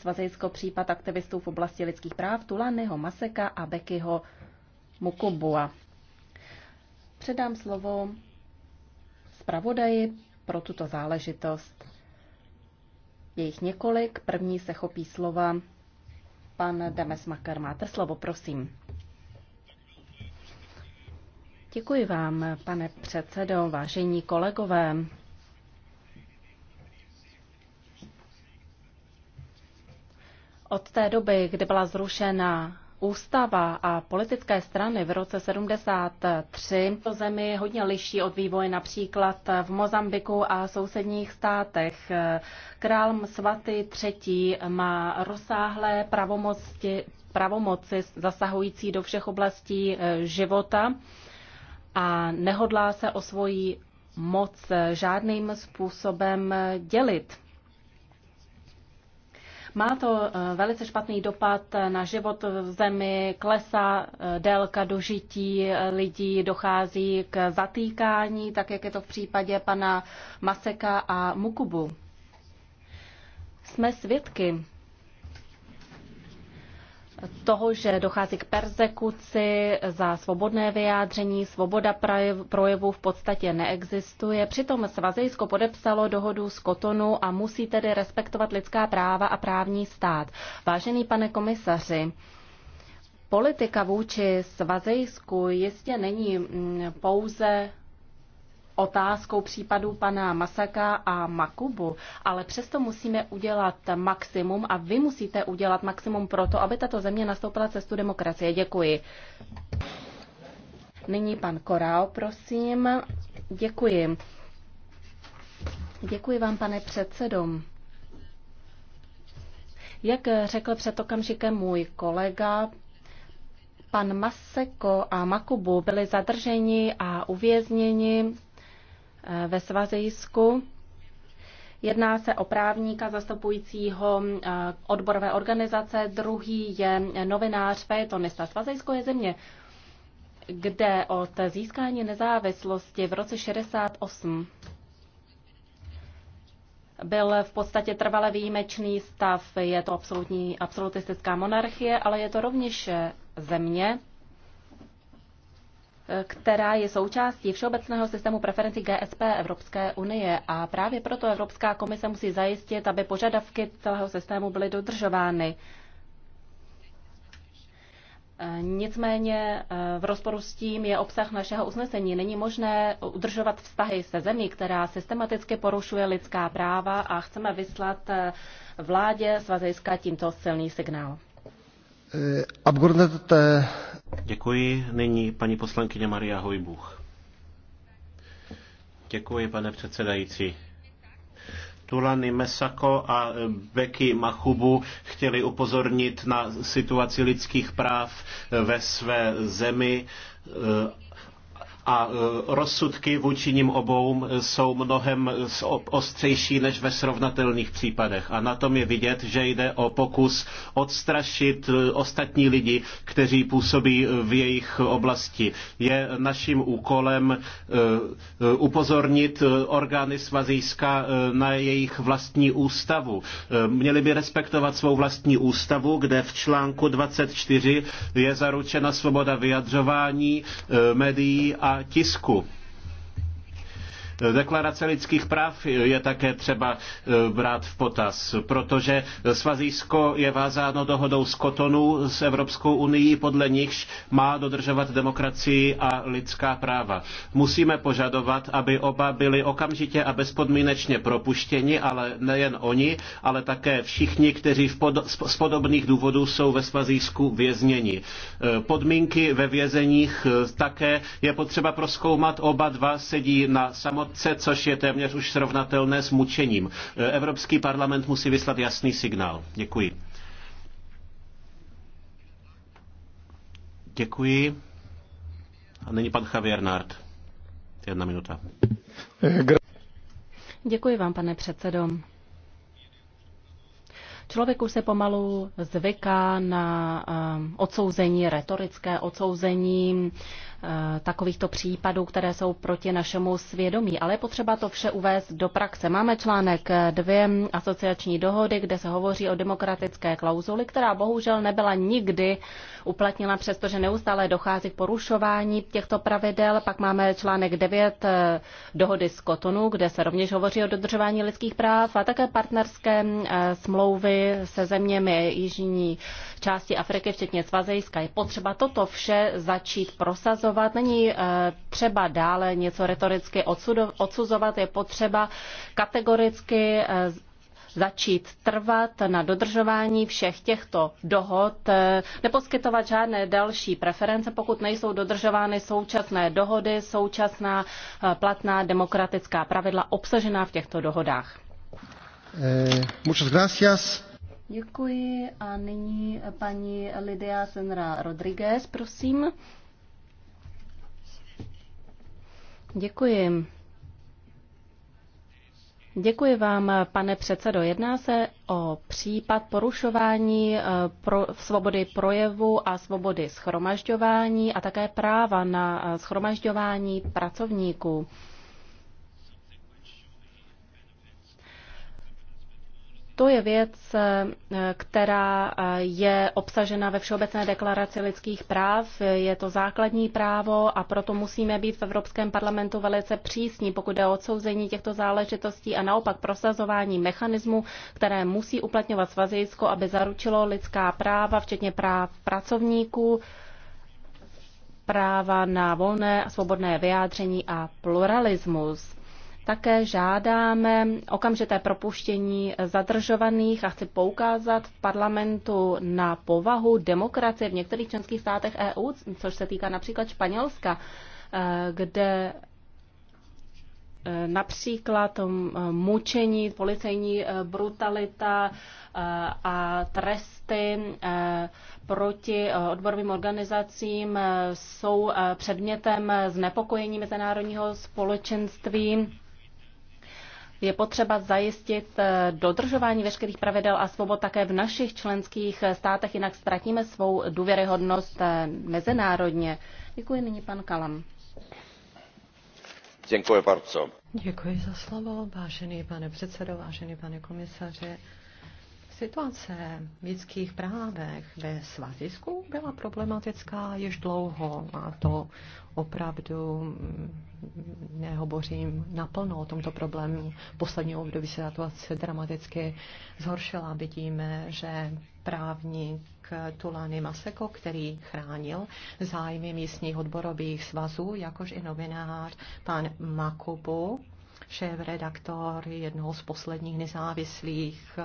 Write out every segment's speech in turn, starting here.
Svazejsko případ aktivistů v oblasti lidských práv Tulanyho Maseka a Bekyho Mukubua. Předám slovo zpravodaji pro tuto záležitost. Je jich několik. První se chopí slova. Pan Demesmaker, máte slovo, prosím. Děkuji vám, pane předsedo, vážení kolegové. Od té doby, kdy byla zrušena ústava a politické strany v roce 73, to zemi hodně liší od vývoje například v Mozambiku a sousedních státech. Král svatý III. má rozsáhlé pravomoci, pravomoci zasahující do všech oblastí eh, života a nehodlá se o svoji moc eh, žádným způsobem eh, dělit. Má to eh, velice špatný dopad na život v zemi, klesá eh, délka dožití eh, lidí, dochází k zatýkání, tak jak je to v případě pana Maseka a Mukubu. Jsme svědky toho, že dochází k persekuci za svobodné vyjádření, svoboda projevu v podstatě neexistuje. Přitom Svazejsko podepsalo dohodu s Kotonu a musí tedy respektovat lidská práva a právní stát. Vážený pane komisaři, politika vůči Svazejsku jistě není mm, pouze otázkou případu pana Masaka a Makubu, ale přesto musíme udělat maximum a vy musíte udělat maximum pro to, aby tato země nastoupila cestu demokracie. Děkuji. Nyní pan Korao, prosím. Děkuji. Děkuji vám, pane předsedo. Jak řekl před okamžikem můj kolega, pan Maseko a Makubu byli zadrženi a uvězněni Eh, ve Svazejsku. Jedná se o právníka zastupujícího eh, odborové organizace, druhý je novinář Fejetonista. Svazejsko je země, kde od získání nezávislosti v roce 68 byl v podstatě trvale výjimečný stav. Je to absolutní, absolutistická monarchie, ale je to rovněž eh, země, která je součástí všeobecného systému preferenci GSP Evropské unie a právě proto Evropská komise musí zajistit, aby požadavky celého systému byly dodržovány. Nicméně eh, v rozporu s tím je obsah našeho usnesení. Není možné udržovat vztahy se zemí, která systematicky porušuje lidská práva a chceme vyslat eh, vládě Svazejska tímto silný signál. Eh, Abgeordnete Děkuji. Nyní paní poslankyně Maria Hojbuch. Děkuji, pane předsedající. Tulany Mesako a e, Beky Machubu chtěli upozornit na situaci lidských práv e, ve své zemi e, a e, rozsudky vůči nim obou e, jsou mnohem e, ostřejší než ve srovnatelných případech. A na tom je vidět, že jde o pokus odstrašit ostatní lidi, kteří působí v jejich oblasti. Je naším úkolem upozornit orgány svazijska na jejich vlastní ústavu. Měli by respektovat svou vlastní ústavu, kde v článku 24 je zaručena svoboda vyjadřování médií a tisku. Deklarace lidských práv je také třeba eh, brát v potaz, protože Svazísko je vázáno dohodou z Kotonu s Evropskou unii, podle nichž má dodržovat demokracii a lidská práva. Musíme požadovat, aby oba byli okamžitě a bezpodmínečně propuštěni, ale nejen oni, ale také všichni, kteří v pod, z podobných důvodů jsou ve Svazísku vězněni. Eh, podmínky ve vězeních eh, také je potřeba proskoumat. Oba dva sedí na samotném korupce, což je téměř už srovnatelné s mučením. Evropský parlament musí vyslat jasný signál. Děkuji. Děkuji. A nyní pan Javier Nard. Jedna minuta. Děkuji vám, pane předsedo. Člověku se pomalu zvyká na eh, odsouzení, retorické odsouzení Eh, takovýchto případů, které jsou proti našemu svědomí. Ale je potřeba to vše uvést do praxe. Máme článek dvě asociační dohody, kde se hovoří o demokratické klauzuli, která bohužel nebyla nikdy uplatněna, přestože neustále dochází k porušování těchto pravidel. Pak máme článek 9 eh, dohody z Kotonu, kde se rovněž hovoří o dodržování lidských práv a také partnerské eh, smlouvy se zeměmi jižní části Afriky, včetně Svazejska. Je potřeba toto vše začít prosazovat diskutovat, není eh, třeba dále něco retoricky odsuzovat, je potřeba kategoricky eh, začít trvat na dodržování všech těchto dohod, eh, neposkytovat žádné další preference, pokud nejsou dodržovány současné dohody, současná platná demokratická pravidla obsažená v těchto dohodách. Eh, muchas gracias. Děkuji a nyní paní Lidia Senra Rodriguez, prosím. Děkuji. Děkuji vám, pane předsedo. Jedná se o případ porušování eh, pro svobody projevu a svobody schromažďování a také práva na eh, schromažďování pracovníků. To je věc, eh, která eh, je obsažena ve Všeobecné deklaraci lidských práv. Je to základní právo a proto musíme být v Evropském parlamentu velice přísní, pokud je o odsouzení těchto záležitostí a naopak prosazování mechanismu, které musí uplatňovat Svazijsko, aby zaručilo lidská práva, včetně práv pracovníků, práva na volné a svobodné vyjádření a pluralismus. Také žádáme okamžité propuštění zadržovaných a chci poukázat v parlamentu na povahu demokracie v některých členských státech EU, což se týká například Španělska, eh, kde eh, například mm, mučení, policejní eh, brutalita a tresty proti odborovým organizacím jsou předmětem znepokojení mezinárodního společenství. Je potřeba zajistit eh, dodržování veškerých pravidel a svobod také v našich členských eh, státech, jinak ztratíme svou důvěryhodnost eh, mezinárodně. Děkuji nyní pan Kalam. Děkuji Děkuji za slovo, vážený pane předsedo, vážený pane komisaře. Situace v lidských právech ve Svazisku byla problematická již dlouho a to opravdu mm, nehovořím naplno o tomto problému. V poslední období se situace dramaticky zhoršila. Vidíme, že právník Tulany Maseko, který chránil zájmy místních odborových svazů, jakož i novinář pan Makubu, šéf-redaktor jednoho z posledních nezávislých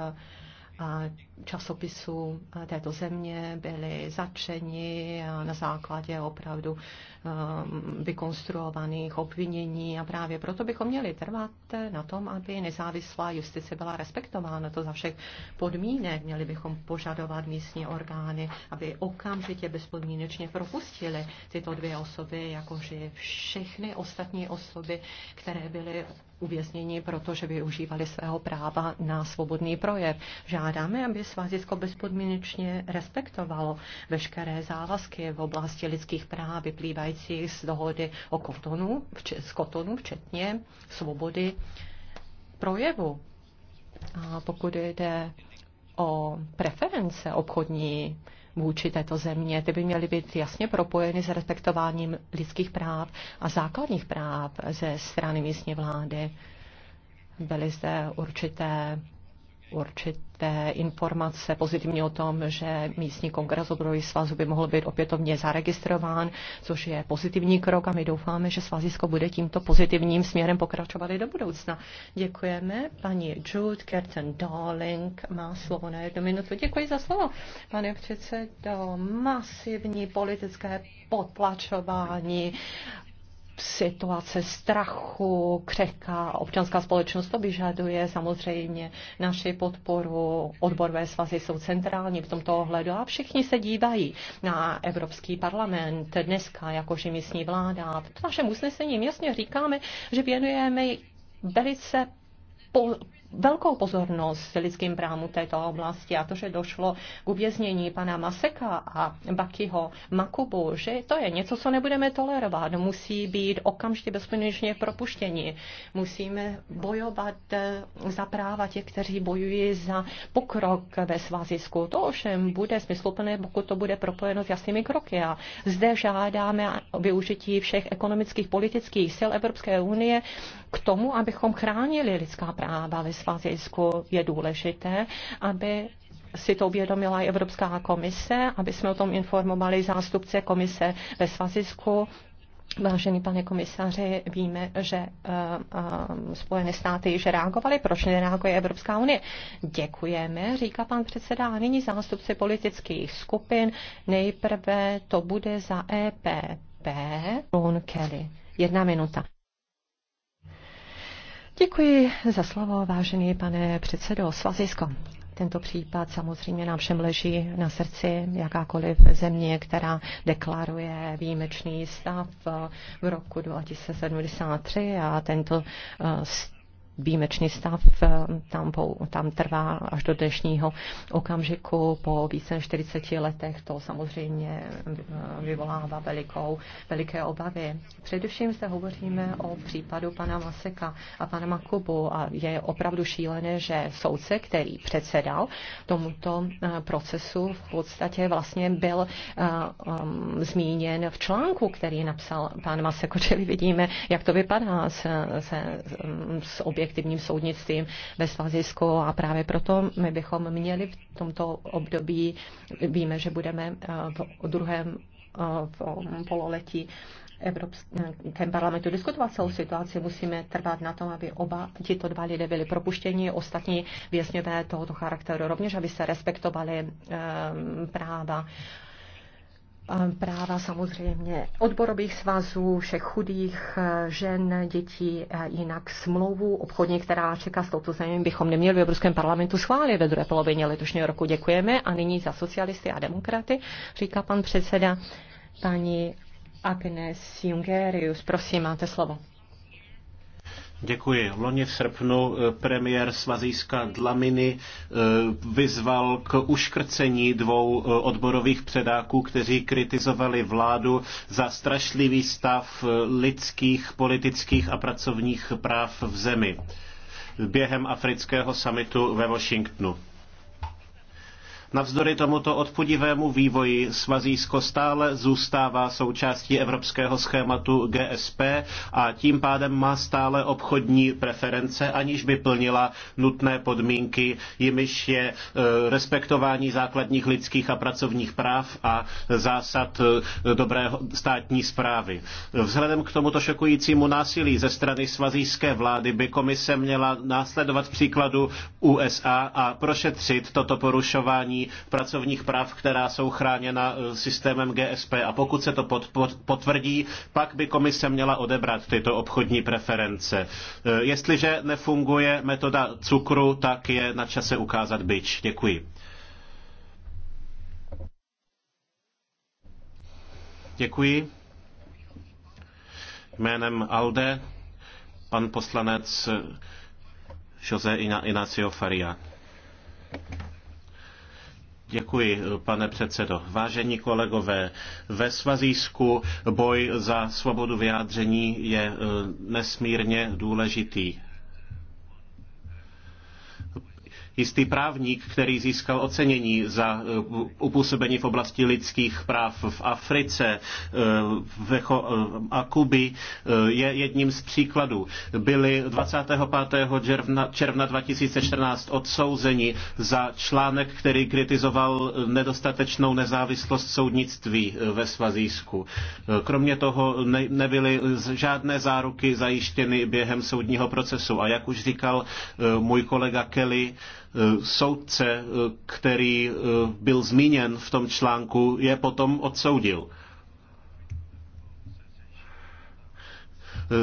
časopisů této země byly zatčeni na základě opravdu um, vykonstruovaných obvinění a právě proto bychom měli trvat na tom, aby nezávislá justice byla respektována to za všech podmínek. Měli bychom požadovat místní orgány, aby okamžitě bezpodmínečně propustili tyto dvě osoby, jakože všechny ostatní osoby, které byly uvězněni, protože využívali svého práva na svobodný projev. Žádáme, aby Svazisko bezpodmínečně respektovalo veškeré závazky v oblasti lidských práv vyplývajících z dohody o kotonu, z kotonu, včetně svobody projevu. A pokud jde o preference obchodní, vůči této země. Ty by měly být jasně propojeny s respektováním lidských práv a základních práv ze strany místní vlády. Byly zde určité určité informace pozitivní o tom, že místní kongres odborových svazů by mohl být opětovně zaregistrován, což je pozitivní krok a my doufáme, že svazisko bude tímto pozitivním směrem pokračovat i do budoucna. Děkujeme. Paní Jude Kerten Darling má slovo na jednu minutu. Děkuji za slovo. Pane předsedo, masivní politické potlačování situace strachu, křehká občanská společnost to vyžaduje samozřejmě naši podporu. Odborové svazy jsou centrální v tomto ohledu a všichni se dívají na Evropský parlament dneska, jakože místní vláda. V našem usnesení jasně říkáme, že věnujeme velice velkou pozornost lidským právům této oblasti a to, že došlo k uvěznění pana Maseka a Bakyho Makubu, že to je něco, co nebudeme tolerovat. Musí být okamžitě bezpodmínečně propuštěni. Musíme bojovat eh, za práva těch, kteří bojují za pokrok ve svazisku. To ovšem bude smysluplné, pokud to bude propojeno s jasnými kroky. A zde žádáme využití všech ekonomických, politických sil Evropské unie k tomu, abychom chránili lidská práva ve Svazijsku je důležité, aby si to uvědomila i Evropská komise, aby jsme o tom informovali zástupce komise ve Svazisku. Vážený pane komisaři, víme, že uh, uh, Spojené státy již reagovaly. Proč nereaguje Evropská unie? Děkujeme, říká pan předseda. A nyní zástupci politických skupin. Nejprve to bude za EPP. Ron Kelly. Jedna minuta. Děkuji za slovo, vážený pane předsedo Svazisko. Tento případ samozřejmě nám všem leží na srdci jakákoliv země, která deklaruje výjimečný stav v roku 2073 a tento stav eh, výjimečný stav eh, tam, tam trvá až do dnešního okamžiku. Po více než 40 letech to samozřejmě eh, vyvolává velikou, veliké obavy. Především se hovoříme o případu pana Maseka a pana Makubu a je opravdu šílené, že soudce, který předsedal tomuto eh, procesu, v podstatě vlastně byl um, zmíněn v článku, který napsal pan Maseko, čili vidíme, jak to vypadá se, se, s obě objektivním soudnictvím ve Svazisku a právě proto my bychom měli v tomto období, víme, že budeme eh, v druhém eh, v pololetí Evropském parlamentu diskutovat celou situaci, musíme trvat na tom, aby oba tito dva lidé byli propuštěni, ostatní vězňové tohoto charakteru rovněž, aby se respektovali um, práva Ehm, práva samozřejmě odborových svazů, všech chudých eh, žen, dětí, eh, jinak smlouvu obchodní, která čeká s touto zemí, bychom neměli v Evropském parlamentu schválit ve druhé polovině letošního roku. Děkujeme a nyní za socialisty a demokraty, říká pan předseda paní Agnes Jungerius. Prosím, máte slovo. Děkuji. Loni v srpnu eh, premiér Svazijska Dlamini eh, vyzval k uškrcení dvou eh, odborových předáků, kteří kritizovali vládu za strašlivý stav lidských, politických a pracovních práv v zemi během afrického samitu ve Washingtonu. Navzdory tomuto odpudivému vývoji Svazísko stále zůstává součástí evropského schématu GSP a tím pádem má stále obchodní preference, aniž by plnila nutné podmínky, jimiž je e, respektování základních lidských a pracovních práv a zásad e, dobré státní správy. Vzhledem k tomuto šokujícímu násilí ze strany svazijské vlády by komise měla následovat příkladu USA a prošetřit toto porušování pracovních práv, která jsou chráněna eh, systémem GSP. A pokud se to potvrdí, pak by komise měla odebrat tyto obchodní preference. Eh, jestliže nefunguje metoda cukru, tak je na čase ukázat byč. Děkuji. Děkuji. Jménem ALDE pan poslanec eh, José Inacio Faria. Děkuji, pane předsedo. Vážení kolegové, ve Svazísku boj za svobodu vyjádření je eh, nesmírně důležitý. jistý právník, který získal ocenění za eh, upůsobení v oblasti lidských práv v Africe eh, eh, a Kuby, je jedním z příkladů. Byli 25. června, června 2014 odsouzeni za článek, který kritizoval nedostatečnou nezávislost soudnictví ve Svazísku. Kromě toho nebyly žádné záruky zajištěny během soudního procesu. A jak už říkal můj kolega Kelly, Eh, soudce, eh, který eh, byl zmíněn v tom článku, je potom odsoudil.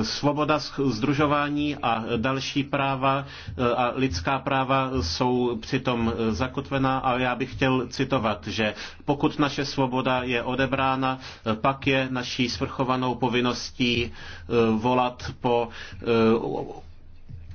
Svoboda združování a další práva a lidská práva jsou přitom zakotvená a já bych chtěl citovat, že pokud naše svoboda je odebrána, pak je naší svrchovanou povinností volat po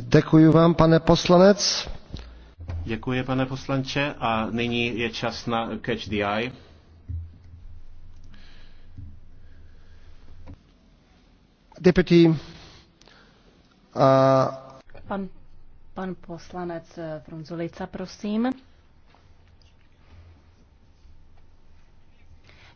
Děkuji vám, pane poslanec. Děkuji, pane poslanče. A nyní je čas na Catch the Eye. Deputy, Uh... Pan, pan poslanec Frunzulica, prosím.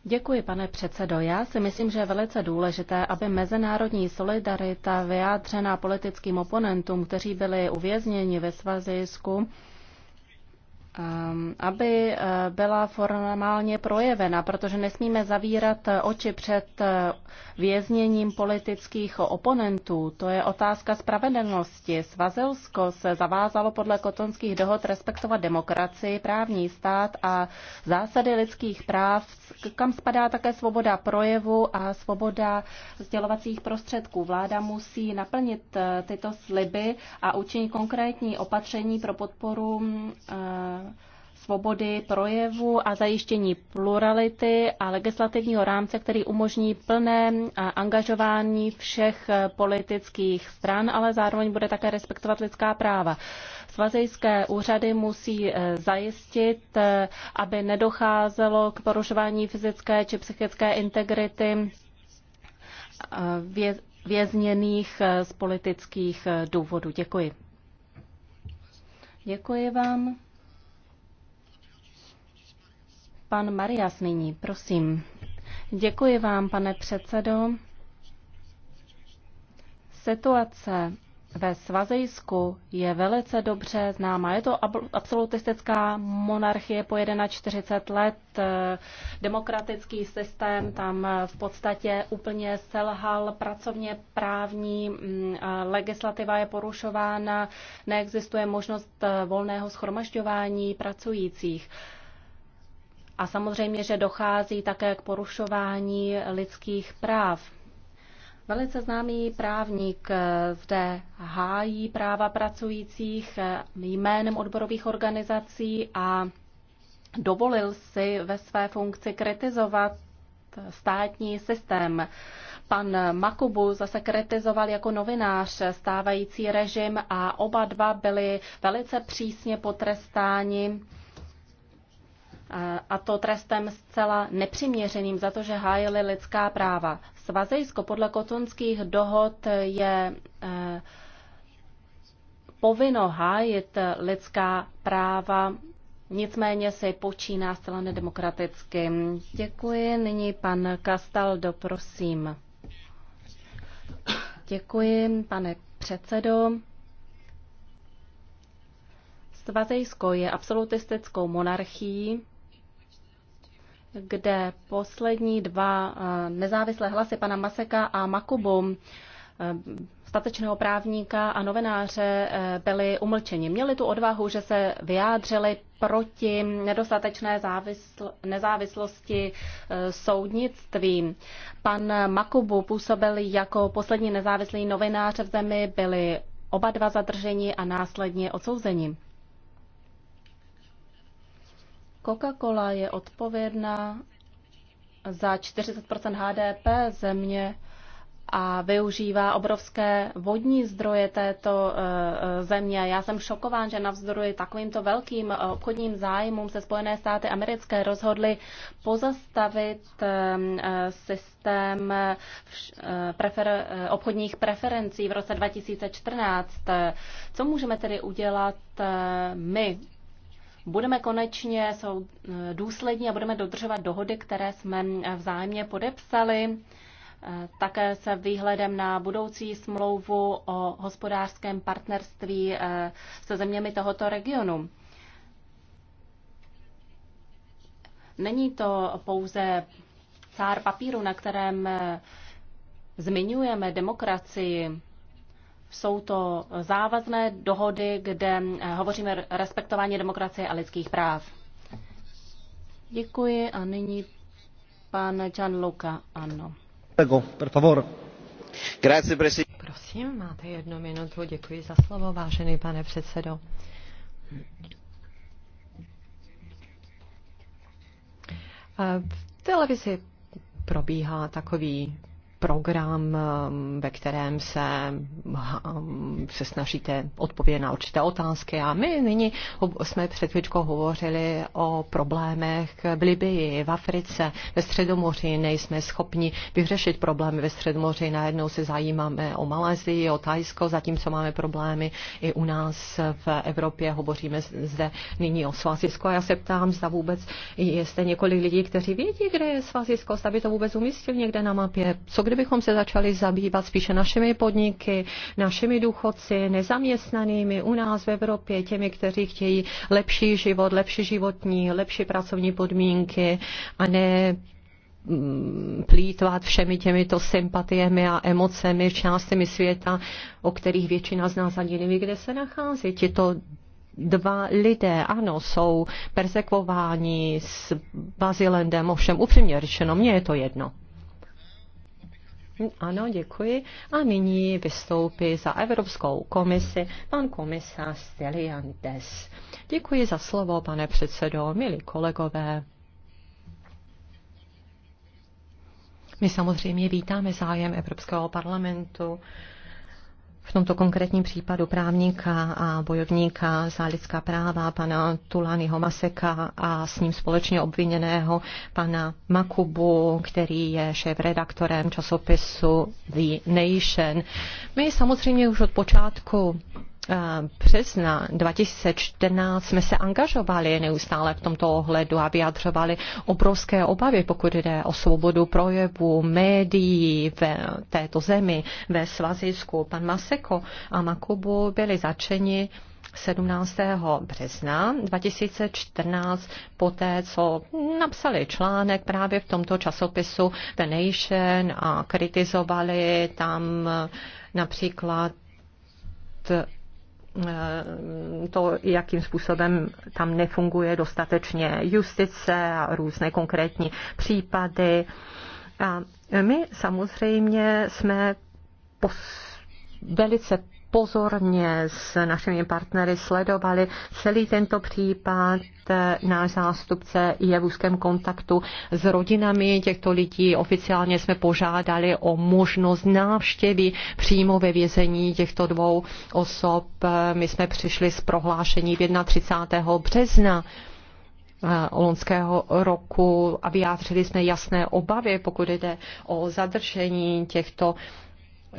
Děkuji, pane předsedo. Já si myslím, že je velice důležité, aby mezinárodní solidarita vyjádřená politickým oponentům, kteří byli uvězněni ve svazisku, Ehm, aby eh, byla formálně projevena, protože nesmíme zavírat eh, oči před eh, vězněním politických oponentů. To je otázka spravedlnosti. Svazelsko se zavázalo podle kotonských dohod respektovat demokracii, právní stát a zásady lidských práv, kam spadá také svoboda projevu a svoboda sdělovacích prostředků. Vláda musí naplnit tyto sliby a učinit konkrétní opatření pro podporu svobody projevu a zajištění plurality a legislativního rámce, který umožní plné angažování všech politických stran, ale zároveň bude také respektovat lidská práva. Svazejské úřady musí eh, zajistit, eh, aby nedocházelo k porušování fyzické či psychické integrity eh, vězněných z politických důvodů. Děkuji. Děkuji vám. Pan Marias nyní, prosím. Děkuji vám, pane předsedo. Situace ve Svazejsku je velice dobře známa. Je to absolutistická monarchie po 41 let. Demokratický systém tam v podstatě úplně selhal. Pracovně právní mm, legislativa je porušována. Neexistuje možnost volného schromažďování pracujících. A samozřejmě, že dochází také k porušování lidských práv. Velice známý právník zde hájí práva pracujících jménem odborových organizací a dovolil si ve své funkci kritizovat státní systém. Pan Makubu zase kritizoval jako novinář stávající režim a oba dva byli velice přísně potrestáni a to trestem zcela nepřiměřeným za to, že hájili lidská práva. Svazejsko podle kotonských dohod je eh, povinno hájit lidská práva, nicméně se počíná zcela nedemokraticky. Děkuji. Nyní pan Kastal, prosím. Děkuji, pane předsedo. Svazejsko je absolutistickou monarchií, kde poslední dva eh, nezávislé hlasy pana Maseka a Makubu eh, statečného právníka a novináře eh, byli umlčeni. Měli tu odvahu, že se vyjádřili proti nedostatečné závisl- nezávislosti soudnictví. Pan Makubu působil jako poslední nezávislý novinář v zemi, byli oba dva zadrženi a následně odsouzeni. Coca-Cola je odpovědná za 40 HDP země a využívá obrovské vodní zdroje této eh, eh, země. Já jsem šokován, že navzdory takovýmto velkým eh, obchodním zájmům se Spojené státy americké rozhodly pozastavit systém prefer- obchodních preferencí v roce 2014. Co můžeme tedy udělat my? budeme konečně jsou eh, důslední a budeme dodržovat dohody, které jsme eh, vzájemně podepsali. Eh, také se výhledem na budoucí smlouvu o hospodářském partnerství se zeměmi tohoto regionu. Není to pouze cár papíru, na kterém zmiňujeme demokracii, jsou to závazné dohody, kde hovoříme respektování demokracie a lidských práv. Děkuji a nyní pan Gianluca Anno. Prego, per favor. Grazie, Prosím, máte jednu minutu. Děkuji za slovo, vážený pane předsedo. V televizi probíhá takový program, um, ve kterém se, um, se snažíte odpovědět na určité otázky. A my nyní jsme před chvíličkou hovořili o problémech v Libii, v Africe, ve Středomoří. Nejsme schopni vyřešit problémy ve Středomoří. Najednou se zajímáme o Malézii, o Tajsko, zatímco máme problémy i u nás v Evropě. Hovoříme zde nyní o Svazisko. A já se ptám, zda vůbec jste několik lidí, kteří vědí, kde je Svazisko, zda by to vůbec umístil někde na mapě. Co kdybychom se začali zabývat spíše našimi podniky, našimi důchodci, nezaměstnanými u nás v Evropě, těmi, kteří chtějí lepší život, lepší životní, lepší pracovní podmínky a ne mm, plítvat všemi těmito sympatiemi a emocemi v částmi světa, o kterých většina z nás ani neví, kde se nachází. Tito dva lidé, ano, jsou persekvováni s Bazilendem, ovšem upřímně řečeno, mně je to jedno. Ano, děkuji. A nyní vystoupí za Evropskou komisi pan komisař Steliantes. Děkuji za slovo, pane předsedo, milí kolegové. My samozřejmě vítáme zájem Evropského parlamentu v tomto konkrétním případu právníka a bojovníka za lidská práva, pana Tulany Homaseka a s ním společně obviněného pana Makubu, který je šéf-redaktorem časopisu The Nation. My samozřejmě už od počátku března eh, 2014 jsme se angažovali neustále v tomto ohledu a vyjadřovali obrovské obavy, pokud jde o svobodu projevu, médií v této zemi, ve Svazisku. Pan Maseko a Makubu byli začeni 17. března 2014, poté co napsali článek právě v tomto časopisu The Nation a kritizovali tam například Eh, to, jakým způsobem tam nefunguje dostatečně justice a různé konkrétní případy. A my samozřejmě jsme velice pozorně s našimi partnery sledovali celý tento případ. Náš zástupce je v úzkém kontaktu s rodinami těchto lidí. Oficiálně jsme požádali o možnost návštěvy přímo ve vězení těchto dvou osob. My jsme přišli s prohlášení 31. března eh, loňského roku a vyjádřili jsme jasné obavy, pokud jde o zadržení těchto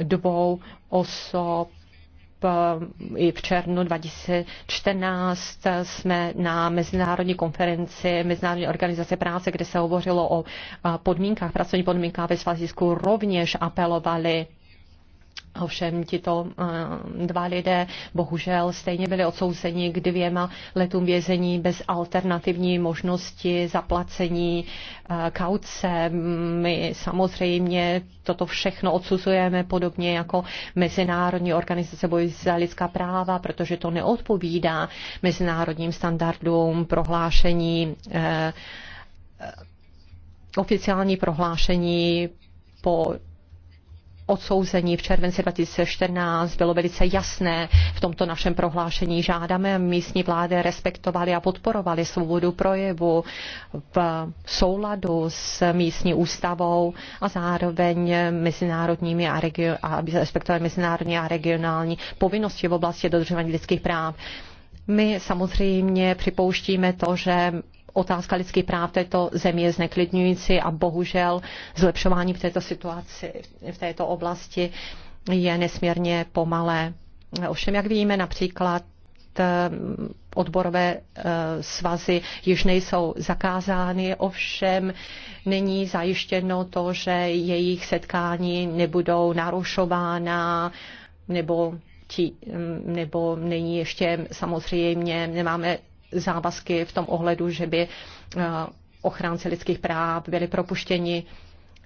dvou osob Eh, i v červnu 2014 jsme na mezinárodní konferenci Mezinárodní organizace práce, kde se hovořilo o eh, podmínkách, pracovní podmínkách ve Svazisku, rovněž apelovali Ovšem tito eh, dva lidé bohužel stejně byli odsouzeni k dvěma letům vězení bez alternativní možnosti zaplacení eh, kauce. My samozřejmě toto všechno odsuzujeme podobně jako Mezinárodní organizace boji za lidská práva, protože to neodpovídá mezinárodním standardům prohlášení eh, oficiální prohlášení po odsouzení v červenci 2014 bylo velice jasné v tomto našem prohlášení. Žádáme místní vlády respektovali a podporovali svobodu projevu v souladu s místní ústavou a zároveň mezinárodními a, regio- a respektovali mezinárodní a regionální povinnosti v oblasti dodržování lidských práv. My samozřejmě připouštíme to, že otázka lidských práv této země je zneklidňující a bohužel zlepšování v této situaci, v této oblasti je nesmírně pomalé. Ovšem, jak víme, například eh, odborové eh, svazy již nejsou zakázány, ovšem není zajištěno to, že jejich setkání nebudou narušována nebo ti, mm, nebo není ještě samozřejmě, nemáme závazky v tom ohledu, že by eh, ochránci lidských práv byli propuštěni.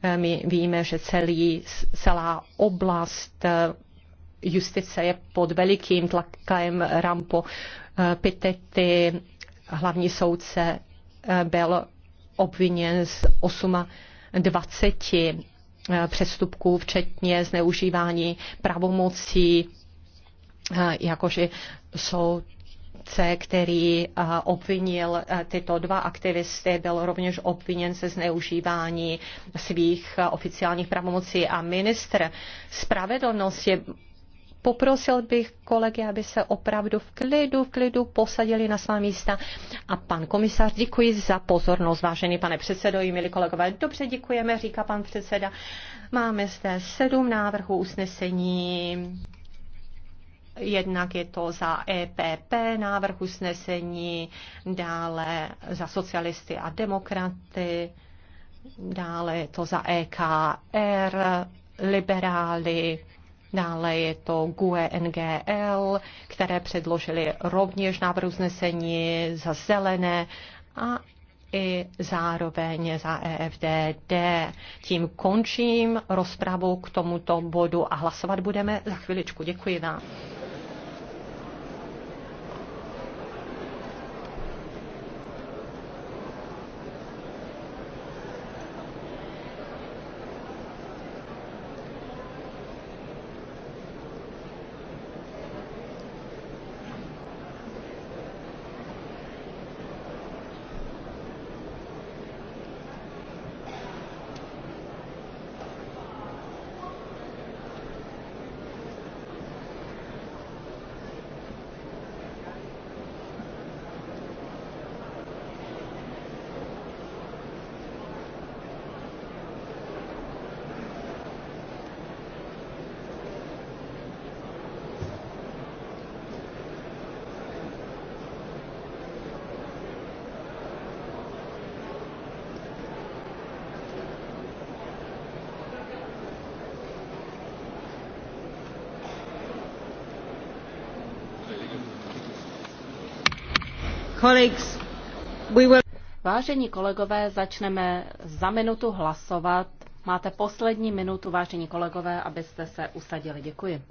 Eh, my víme, že celý, celá oblast eh, justice je pod velikým tlakem Rampo Pitety, hlavní soudce byl obviněn z 28 přestupků, včetně zneužívání pravomocí, jakože soud který eh, obvinil eh, tyto dva aktivisty, byl rovněž obviněn se zneužívání svých eh, oficiálních pravomocí a ministr spravedlnosti poprosil bych kolegy, aby se opravdu v klidu, v klidu posadili na svá místa. A pan komisař, děkuji za pozornost, vážený pane předsedo i milí kolegové. Dobře, děkujeme, říká pan předseda. Máme zde sedm návrhů usnesení. Jednak je to za EPP návrh usnesení, dále za socialisty a demokraty, dále je to za EKR, liberály, Dále je to GUE NGL, které předložili rovněž návrh usnesení za zelené a i zároveň za EFDD. Tím končím rozpravu k tomuto bodu a hlasovat budeme za chviličku. Děkuji vám. Vážení kolegové, začneme za minutu hlasovat. Máte poslední minutu, vážení kolegové, abyste se usadili. Děkuji.